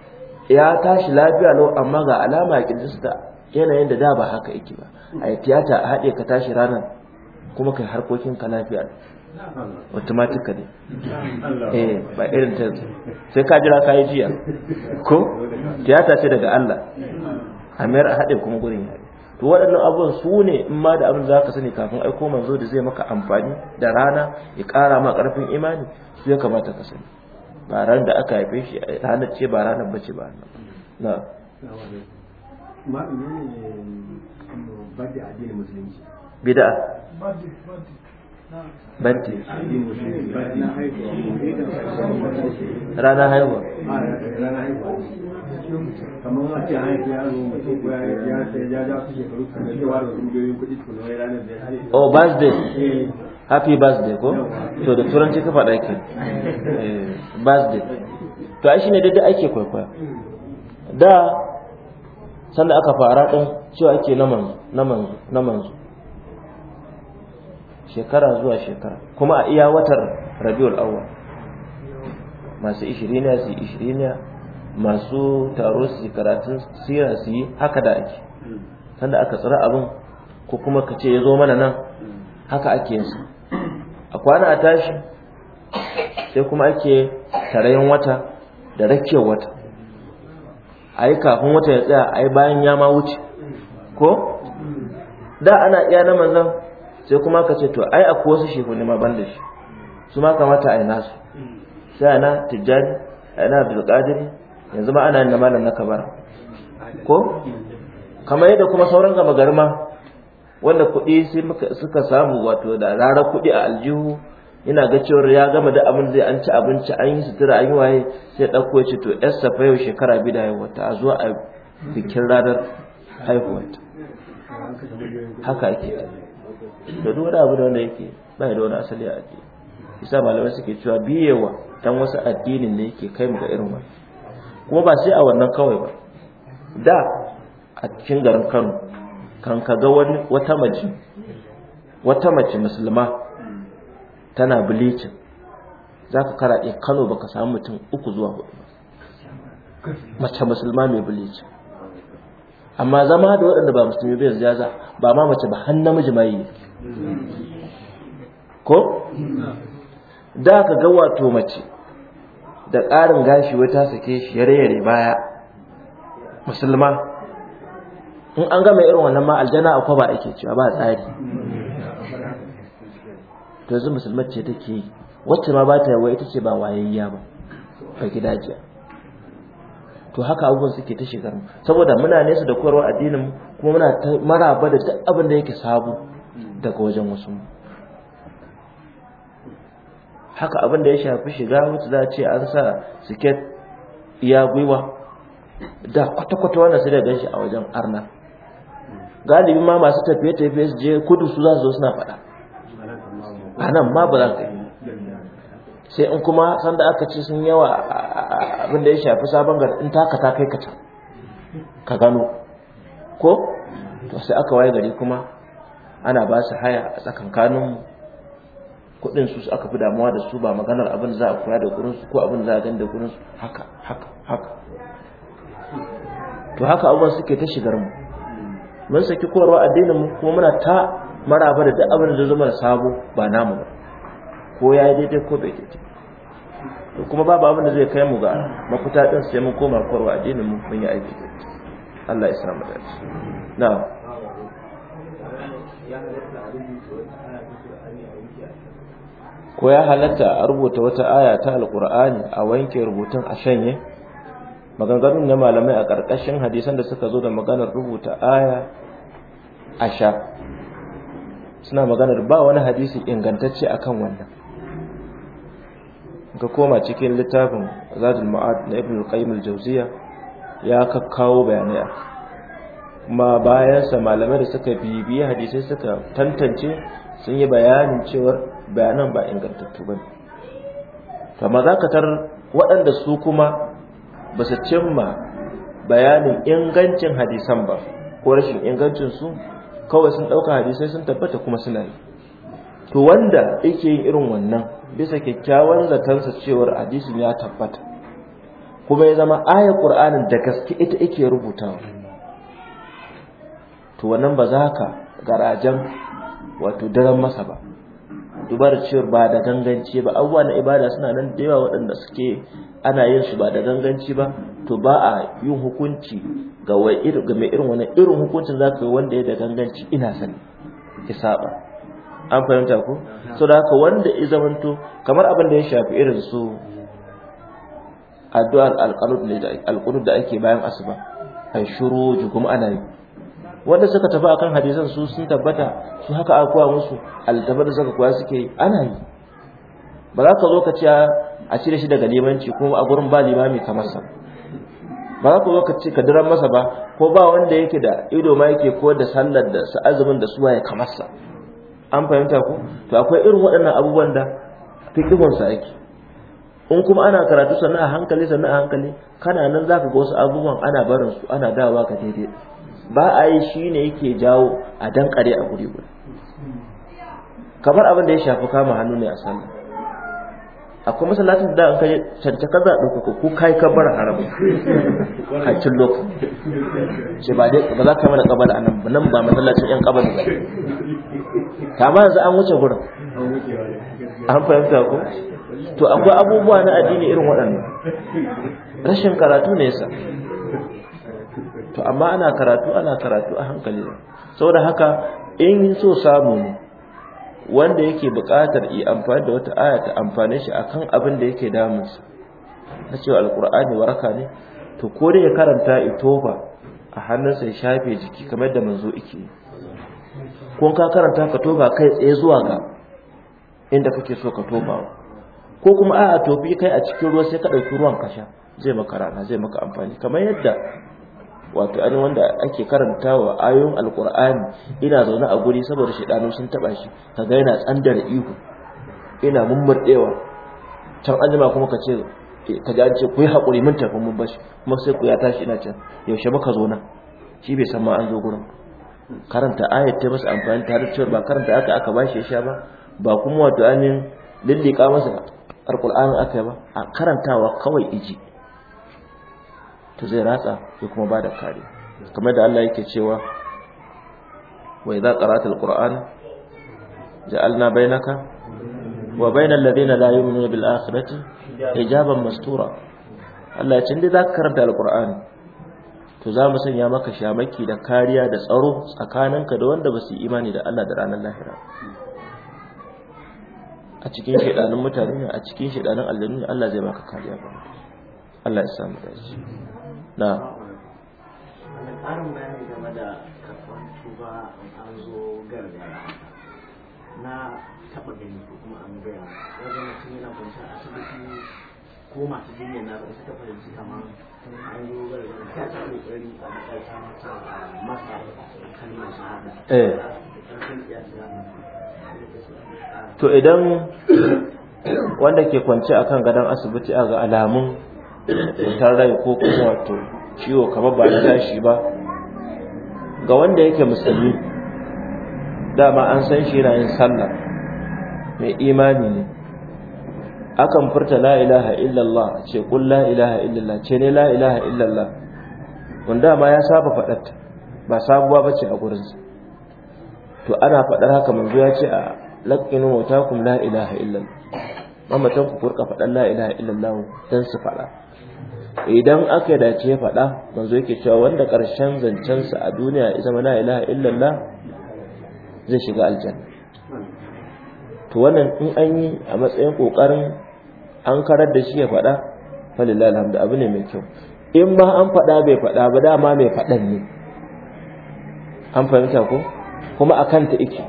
ya tashi lafiya lau amma ga alama a kirjinsa yanayin da da ba haka yake ba a yi tiyata a haɗe ka tashi ranar kuma kai harkokin ka lafiya automatika ne eh ba irin ta sai ka jira ka yi jiya ko tiyata ce daga Allah a mayar a haɗe kuma gurin yare to waɗannan abubuwan su ne in ma da abin za ka sani kafin aiko manzo da zai maka amfani da rana ya ƙara ma ƙarfin imani su ya kamata ka sani ba ran da aka haife shi ranar ce ba ranar bace ba na banti Rana ah, haihuwa kamar ce oh birthday eh. happy birthday ko to da turanci ka faɗa ke eh, birthday to ai shine daidai ake kwaikwaya da sanda aka fara ɗin cewa ake na manzu na shekara zuwa shekara kuma a iya watar rabiul awwal masu ishiriniya su ishiriniya masu taro su karatun sira su yi haka da ake sanda aka tsira abin ko kuma ka ce ya zo mana nan haka ake yin a kwana a tashi sai kuma ake tarayin wata da rakiyar wata a yi kafin wata ya tsaya a yi bayan ya ma wuce ko da ana iya na manzan sai kuma ka ce to ai akwai wasu shekuni ma da shi su ma kamata a yi nasu sai ana tijjani a na abdulkadiri yanzu ma ana yin na malam na kabara ko kamar da kuma sauran gama garma wanda kuɗi suka samu wato da rara kuɗi a aljihu ina ga cewar ya gama da abin zai an ci abinci an yi sutura an yi waye sai ɗauko ya ce to yar safa yau shekara biyu da haihuwa ta zuwa a bikin ranar ta haka ake ta da duk wani abu da wanda yake ba da wani asali a addini isa malamai suke cewa biyewa dan wasu addinin ne yake kai mu ga irin wani kuma ba sai a wannan kawai ba da a cikin garin kano kan ka ga wani wata mace wata mace musulma tana bilicin za ka karaɗe kano baka samu mutum uku zuwa hudu mace musulma mai bilicin amma zama da waɗanda ba musulmi bai ziyaza ba ma mace ba har namiji mai yi ko da ka ga wato mace da ƙarin gashi wata sake shi yare-yare baya musulma in an gama irin wannan ma aljanna akwai ba ake cewa ba tsari to yanzu musulmar ce take yi wacce ma ba ta yawa ita ce ba wayayya ba ba gidajiya to haka abubuwan suke ta shigar saboda muna nesa da koyarwar addinin kuma muna maraba da duk abin da yake sabu daga wajen wasu haka abin da ya shafi shiga wacce za a ce an sa siket iya gwiwa da kwata-kwata wannan sai da shi a wajen arna galibi ma masu tafiye-tafiye su je kudu su za su zo suna faɗa a nan ma ba za ka yi sai in kuma sanda aka ci sun yawa abinda ya shafi sabon gari in taka ta kai kacan ka gano ko to sai aka waye gari kuma ana ba su haya a tsakankanin kudin su aka fi damuwa da su ba maganar abin za a kula da su ko abin za a gani da su. haka haka haka to haka abubuwan suke ta shigar mu mun saki koyarwa addinin mu kuma muna ta maraba da duk abin da zama sabo ba namu ba ko ya yi daidai ko bai daidai to kuma babu abin da zai kai mu ga mafita din sai mun koma koyarwa addinin mu mun yi aiki da Allah ya sa mu shi na'am ko ya halatta a rubuta wata aya ta alkur'ani a wanke rubutun a shanye maganganun na malamai a ƙarƙashin hadisan da suka zo da maganar rubuta aya sha, suna maganar ba wani hadisi ingantacce akan wannan ga koma cikin littafin zadul ma'ad na ibn al-qayyim al-jawziya ya kakkawo bayanai ma bayan sa malamai da suka bibiye hadisai suka tantance sun yi bayanin cewar bayanan ba ingantattu bane to amma zaka tar waɗanda su kuma ba su cimma bayanin ingancin hadisan ba ko rashin ingancin su kawai sun ɗauka hadisai sun tabbata kuma suna yi to wanda yake yin irin wannan bisa kyakkyawan sa cewar hadisin ya tabbata kuma ya zama ayar ƙur'anin da gaske ita yake rubutawa to wannan ba za ka garajen wato daren masa ba Dubar da cewa ba da ganganci ba abubuwa na ibada suna nan da yawa waɗanda suke ana yin su ba da ganganci ba to ba a yin hukunci ga mai irin wani irin hukuncin za ka yi wanda ya da ganganci ina sani ki saba an fahimta ko so da haka wanda ya zamanto kamar abin da ya shafi irin su addu'ar alqanut da ake bayan asuba ai shuru ana yi wanda suka tafi akan hadisan su sun tabbata su haka akuwa musu altabar da suka kuwa suke yi ana yi ba za ka zo ka ce a cire shi daga limanci ko a gurin ba limami kamar sa ba za ka zo ka ce ka diran masa ba ko ba wanda yake da ido ma yake ko da sallar da su azumin da suwa ya kamar sa an fahimta ku? to akwai irin waɗannan abubuwan da fiqhun sa yake in kuma ana karatu sannan a hankali sannan a hankali kana nan ka ga wasu abubuwan ana barin su ana dawa ka daidai ba a yi shi ne yake jawo a dankare a guri guri kamar abin da ya shafi kama hannu ne a sallah akwai masallacin da an kai canta kaza ɗauka ko kai bar haram kacin lokaci ce ba za ka mana a nan nan ba masallacin yan kabar ba ma yanzu an wuce gurin an fahimta ko to akwai abubuwa na addini irin waɗannan rashin karatu ne yasa to amma ana karatu ana karatu a hankali saboda haka in so samu ne wanda yake buƙatar yi amfani da wata aya ta amfane shi akan abin da yake damunsa na cewa alƙur'ani waraka ne to ko dai ya karanta itoba a hannunsa ya shafe jiki kamar da manzo yake ko ka karanta ka toba kai tsaye zuwa ga inda kake so ka toba ko kuma a tofi kai a cikin ruwa sai ka ɗauki ruwan ka sha zai maka rana zai maka amfani kamar yadda wato an wanda ake karantawa ayoyin alqur'ani ina zaune a guri saboda shedanu sun taba shi kaga yana tsandar ihu ina mummurdewa can anjima kuma ka ce ka ji an ce ku yi haƙuri mun tafi mun bashi kuma sai ku ya tashi ina can yaushe muka zo nan shi bai san ma an zo gurin karanta ayat ta masa amfani tare da cewa ba karanta aka aka bashi ya sha ba ba kuma wato amin lillika masa alqur'ani aka yi ba a karantawa kawai iji to zai ratsa ya kuma bada kariya kamar da Allah yake cewa wa idza al alquran ja'alna bainaka wa bainal ladina la yu'minuna bil akhirati hijaban mastura Allah ya ce inda za ka karanta alqur'ani to za mu sanya maka shamaki da kariya da tsaro tsakaninka da wanda ba su yi imani da Allah da ranar lahira a cikin shedanin mutane a cikin shedanin aljannu Allah zai baka kariya ba Allah ya samu dace na Tsarin bayani game da karɓar tuba an zo gargara na taɓa gani ko kuma an gaya ya zama mutum yana kwanci a asibiti ko masu jinya na ba su taɓa yanzu kamar an zo gargara ta ta kokari a a masa kalmar shahada. Eh. To idan wanda ke kwanci akan gadon asibiti a ga alamun mutar rai ko kuma wato ciwo kamar ba na tashi ba ga wanda yake musulmi dama an san shi yana yin sallah mai imani ne akan furta la ilaha illallah ce kul la ilaha illallah ce ne la ilaha illallah wanda ma ya saba faɗarta ba sabuwa ba ce a gurinsa to ana faɗar haka manzo ya ce a laqinu mutakum la ilaha illallah mamatan ku furka faɗar la ilaha illallah dan su faɗa idan aka dace ya faɗa manzo yake cewa wanda ƙarshen zancensa a duniya ya zama la ilaha illallah zai shiga aljanna to wannan in an yi a matsayin ƙoƙarin an karar da shi ya faɗa falillah alhamdu abu ne mai kyau in ma an faɗa bai faɗa ba dama mai faɗan ne an fahimta ko kuma a kanta ike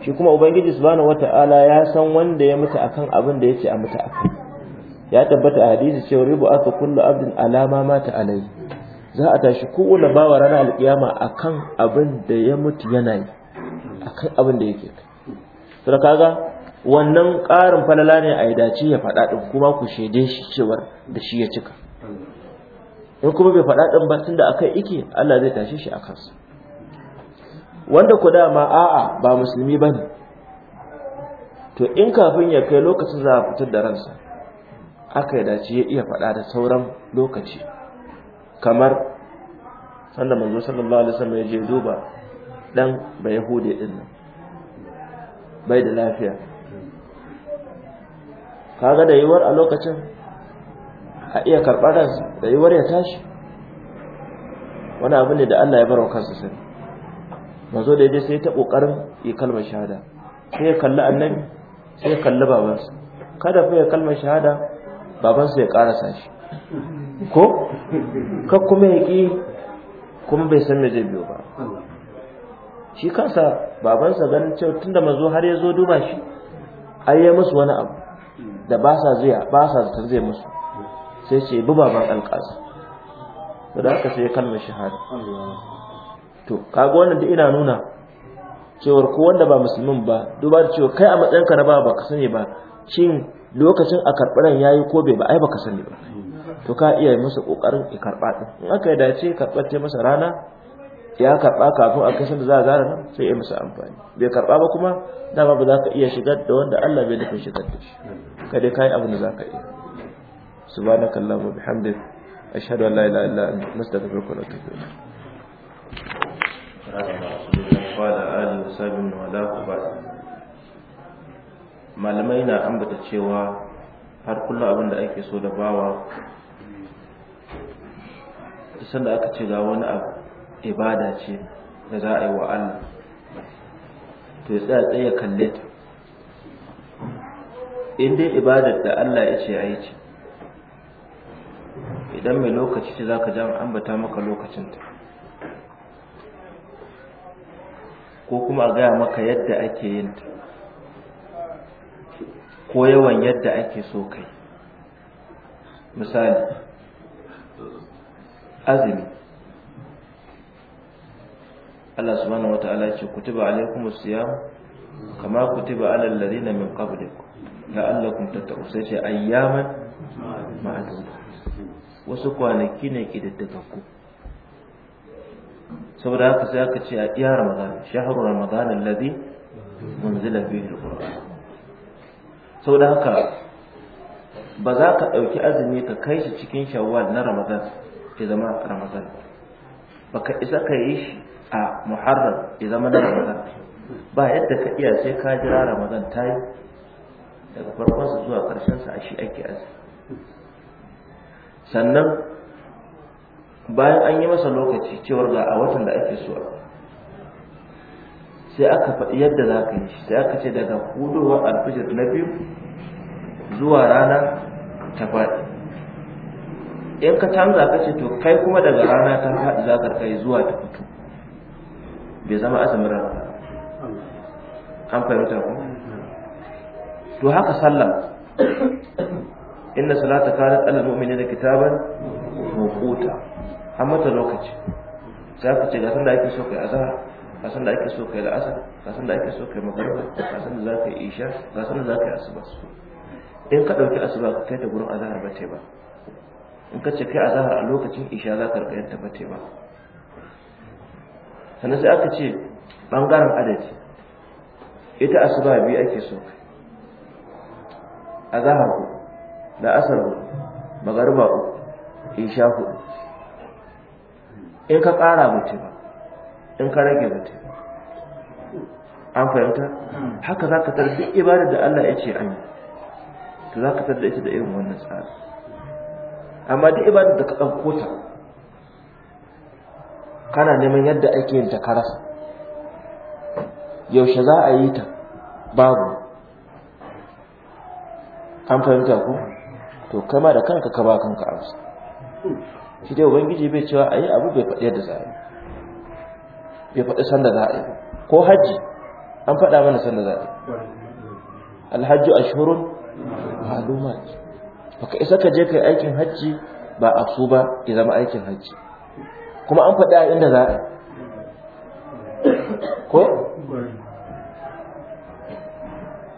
shi kuma ubangiji subhanahu wata'ala ya san wanda ya mutu akan abin da yake a mutu akan ya tabbata a hadisi cewa ribu aka kullu abdin alama mata alai za a tashi kowane bawa ranar alkiyama kan abin da ya mutu yana yi kan abin da yake kaga wannan ƙarin falala ne a dace ya faɗa kuma ku shaide shi cewar da shi ya cika in kuma bai faɗa din ba da akai ike Allah zai tashe shi a kansa wanda ku dama a'a ba musulmi ba ne. to in kafin ya kai lokacin za a fitar da ransa aka yi dace ya iya faɗa da sauran lokaci kamar sanda manzo sallallahu alaihi wasallam ya je duba dan ba yahude din nan bai da lafiya kaga da yiwuwar a lokacin a iya karɓar da yiwuwar ya tashi wani abu ne da Allah ya barwa kansa sai manzo da yaje sai ta kokarin yi kalmar shahada sai ya kalli annabi sai ya kalli babansa kada fa ya kalmar shahada babansu ya karasa shi ko ka kuma ya ƙi kuma bai san me zai biyo ba shi kansa babansa ganin cewa tunda mazo har ya zo duba shi ai ya musu wani abu da ba sa zuya ba sa zaton zai musu sai ce bi baban alƙasa to da haka sai ya kalmar shahada to kaga wannan da ina nuna cewar ko wanda ba musulmin ba duba da cewa kai a matsayinka na ba ka sani ba shin lokacin a karɓaran ya yi ko bai ba ai baka sani ba to ka iya masa ƙoƙarin ya karɓa ɗin in aka yi dace karɓar ta masa rana ya karɓa kafin a kashin da za a zara nan sai ya masa amfani bai karɓa ba kuma dama ba za ka iya shigar da wanda Allah bai nufin shigar da shi ka dai kayi abin da za ka iya wa bihamdik ashhadu an la ilaha illa anta nastaghfiruka wa natubu ilayk وعلى wa وصحبه ومن والاه وبعد malamai na ambata cewa har kullum abin da ake so da bawa tusan da aka ce ga wani abu ibada ce da za a yi wa Allah to ya tsaya tsaye kalle ta inda ibadar da Allah ya ce a ce idan mai lokaci ce za ka ja ambata maka lokacinta ko kuma a gaya maka yadda ake yin ta ko yawan yadda ake so kai misali azumi Allah subhanahu wataala ce kutiba alaikumus siyam kama kutiba alal ladina min qablikum la'allakum tattaqun sai ce ayyaman ma'duda wasu kwanaki ne kididdigaggu saboda haka sai aka ce a iya ramadan shahru ramadan alladhi unzila fihi alquran sau da haka ba za ka ɗauki azumi ka kai shi cikin shawwal na ramadan ya zama ramadan ba ka isa ka yi shi a muharram ya zama na ramadan ba yadda ka iya sai ka jira ramadan ta yi daga farkonsa zuwa ƙarshensa a shi ake azumi sannan bayan an yi masa lokaci cewar ga a watan da ake so sai aka faɗi yadda za ka yi sai aka ce daga hudowar alfijir na biyu zuwa rana ta faɗi in ka canza ka ce to kai kuma daga rana ta faɗi za ka kai zuwa ta fito bai zama azumin rana an fahimta ku to haka sallah inna salata kanat mu'mini da kitaban mawquta amma ta lokaci sai ka ce ga sallah yake so kai azhar ka san da ake so kai la'asar ka san da ake so kai magarba ka san da za ka yi isha ka san da za ka yi asuba in ka ɗauki asuba ka kai ta gurin azahar ba ba in ka ce kai azahar a lokacin isha za ka rikayar ta ba ba sannan sai aka ce ɓangaren adadi ita asuba biyu ake so kai azahar ku da asar ku magariba ku isha ku in ka ƙara ba ba in ka rage ba an fahimta haka za ka tarbi duk ibadar da Allah ya ce an yi to za ka tarbi ita da irin wannan tsari amma duk ibadar da ka ɗauko ta kana neman yadda ake yin ta karasa yaushe za a yi ta babu an fahimta ku to kama da kanka ka ba kanka amsa shi dai ubangiji bai cewa a yi abu bai faɗi yadda za a yi bai faɗi sanda za a yi ko hajji an faɗa mana sanda za a yi alhajju maluma malumat baka isa ka je kai aikin hajji ba a su ba ya zama aikin hajji kuma an faɗi a inda za a yi ko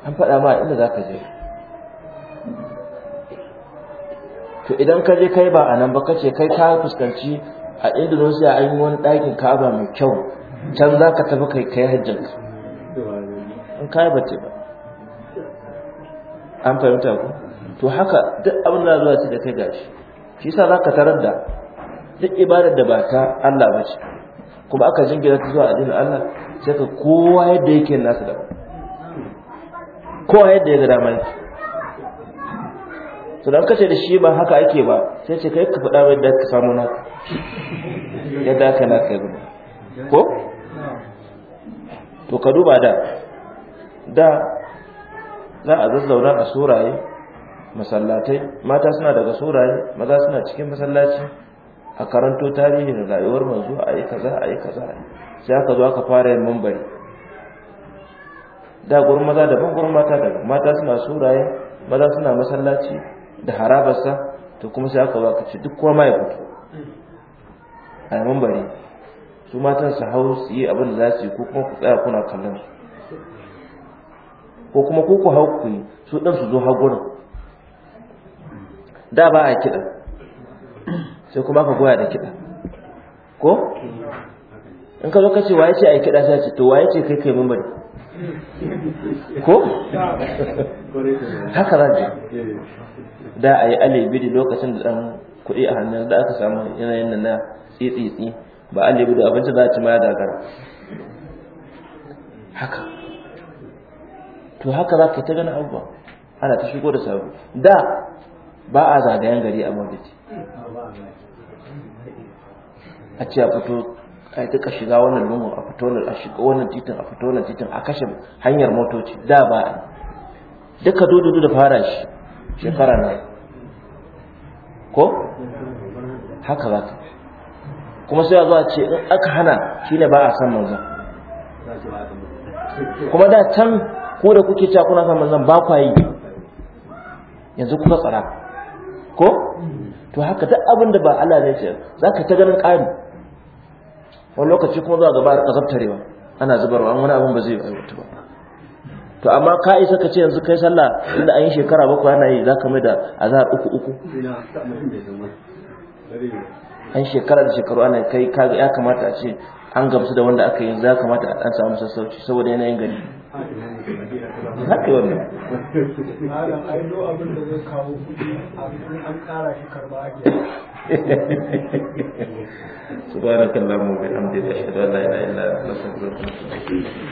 an faɗa ma a inda za ka je to idan ka je kai ba a nan ba ka ce kai ka fuskanci a indonesia an yi wani ɗakin kaba mai kyau can za ka tafi kai kai hajjinka in ka yi bace ba an fahimta ku to haka duk abin da zuwa ce da kai gashi shi sa za ka tarar da duk ibadar da ba ta Allah ba ce kuma aka jingina ta zuwa addinin Allah sai ka kowa yadda yake nasa da kowa yadda ya ga mai yake to dan kace da shi ba haka ake ba sai ce kai ka faɗa mai da ka samu naka yadda aka na ya gudu ko to ka duba da da za a zazzauna a suraye masallatai mata suna daga suraye maza suna cikin masallaci a karanto tarihin rayuwar manzo a yi kaza a yi kaza sai aka zo aka fara yin mambari da gurin maza daban gurin mata daban mata suna suraye maza suna masallaci da harabarsa to kuma sai aka zo aka ce duk kowa ma ya fito a yi mambari su matan su hau su yi abin da za su yi ko kuma ku tsaya kuna kallon su ko kuma ku ku hau ku yi su ɗan su zo hagurin da ba a kiɗa sai kuma ka goya da kiɗa ko in ka zo ka ce waye ce a yi kiɗa sai ce to waye ce kai kai mun bari ko haka za da a yi alibi lokacin da ɗan kuɗi a hannun da aka samu yanayin da na tsitsitsi ba an lebu da abinci za a ci ma ya gagara haka to haka za ka ta gani abubuwa ana ta shigo da sabu da ba a zagayen gari a mawadaci a ce a fito a yi duka shiga wannan lungun a fito a shiga wannan titin a fito wannan titin a kashe hanyar motoci da ba a duka dododo da fara shi shekara na ko haka ba ka kuma sai a zuwa ce in aka hana shine ba a san manzan kuma da can ko da kuke cewa kuna san manzan ba kwa yi yanzu kuka tsara ko to haka duk abin da ba Allah ne ce zaka ta ganin ƙari wani lokaci kuma zuwa gaba a zabtarewa ana zubarwa wani abin ba zai yi aiwata ba to amma ka isa ka ce yanzu kai sallah inda an yi shekara bakwai ana yi zaka mai da azhar uku uku an shekara da shekaru ana kai kaga ya kamata a ce an gamsu da wanda aka yi za kamata a samu sassauci saboda yanayin gari haka wani malam abin da zai kawo wa ashhadu an la ilaha illa anta astaghfiruka wa atubu